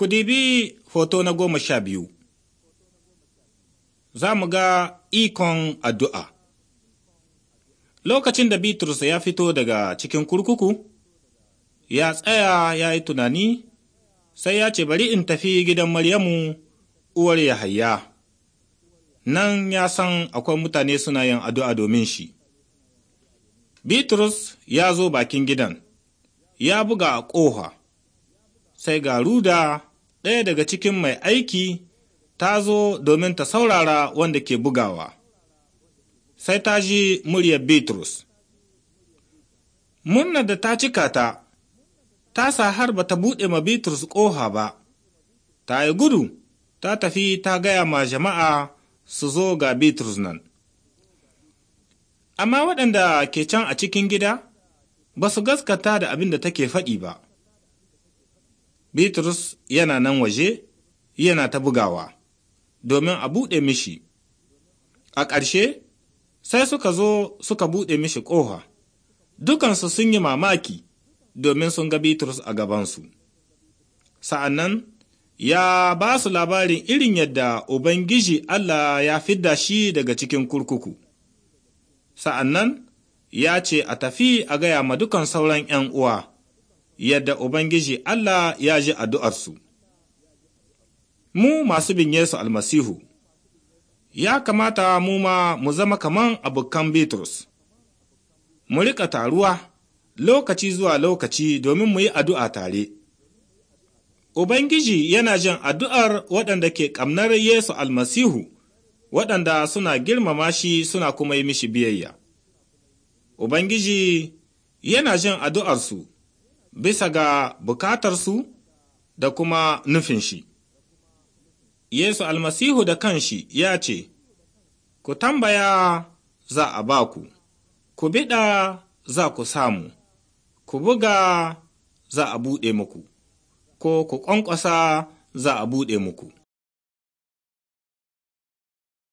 Ku dibi hoto na goma sha biyu, za mu ga ikon addu'a. Lokacin da Bitrus ya fito daga cikin kurkuku, ya tsaya ya yi tunani, sai ya ce bari in tafi gidan Maryamu uwar Yahaya. Nan ya san akwai mutane suna yin addu'a domin shi. Bitrus ya zo bakin gidan, ya buga a ƙoha, sai ga ruda ɗaya daga cikin mai aiki ta zo domin ta saurara wanda ke bugawa, sai ta ji muryar Bitrus. Murnar da ta cika ta, ta sa har ba ta buɗe ma Bitrus ƙoha ba, ta yi gudu, ta tafi ta gaya ma jama'a su zo ga Bitrus nan. Amma waɗanda ke can a cikin gida ba su gaskata da abin da take faɗi ba. Bitrus yana nan waje yana ta bugawa, domin a buɗe mishi. A ƙarshe, sai suka zo suka buɗe mishi ƙoha Dukansu sun yi mamaki domin sun ga Bitrus a gabansu. Sa'an nan, ya ba su labarin irin yadda Ubangiji Allah ya fidda shi daga cikin kurkuku. Sa'an nan, ya ce a tafi a gaya ma dukan sauran ’yan uwa. yadda Ubangiji Allah ya ji addu'arsu. Mu masu bin Yesu almasihu, ya kamata mu ma mu zama kaman abokan Bitrus, mu riƙa taruwa lokaci zuwa lokaci domin mu yi addu'a tare. Ubangiji yana jin addu'ar waɗanda ke ƙamnar Yesu almasihu, waɗanda suna girmama shi suna kuma yi mishi biyayya. Ubangiji yana jin addu'arsu bisa ga bukatarsu da kuma nufin shi. Yesu almasihu da kanshi ya ce, Ku tambaya za a ba ku, ku biɗa za ku samu, ku buga za a buɗe muku, ko ku ƙwanƙwasa za a buɗe muku.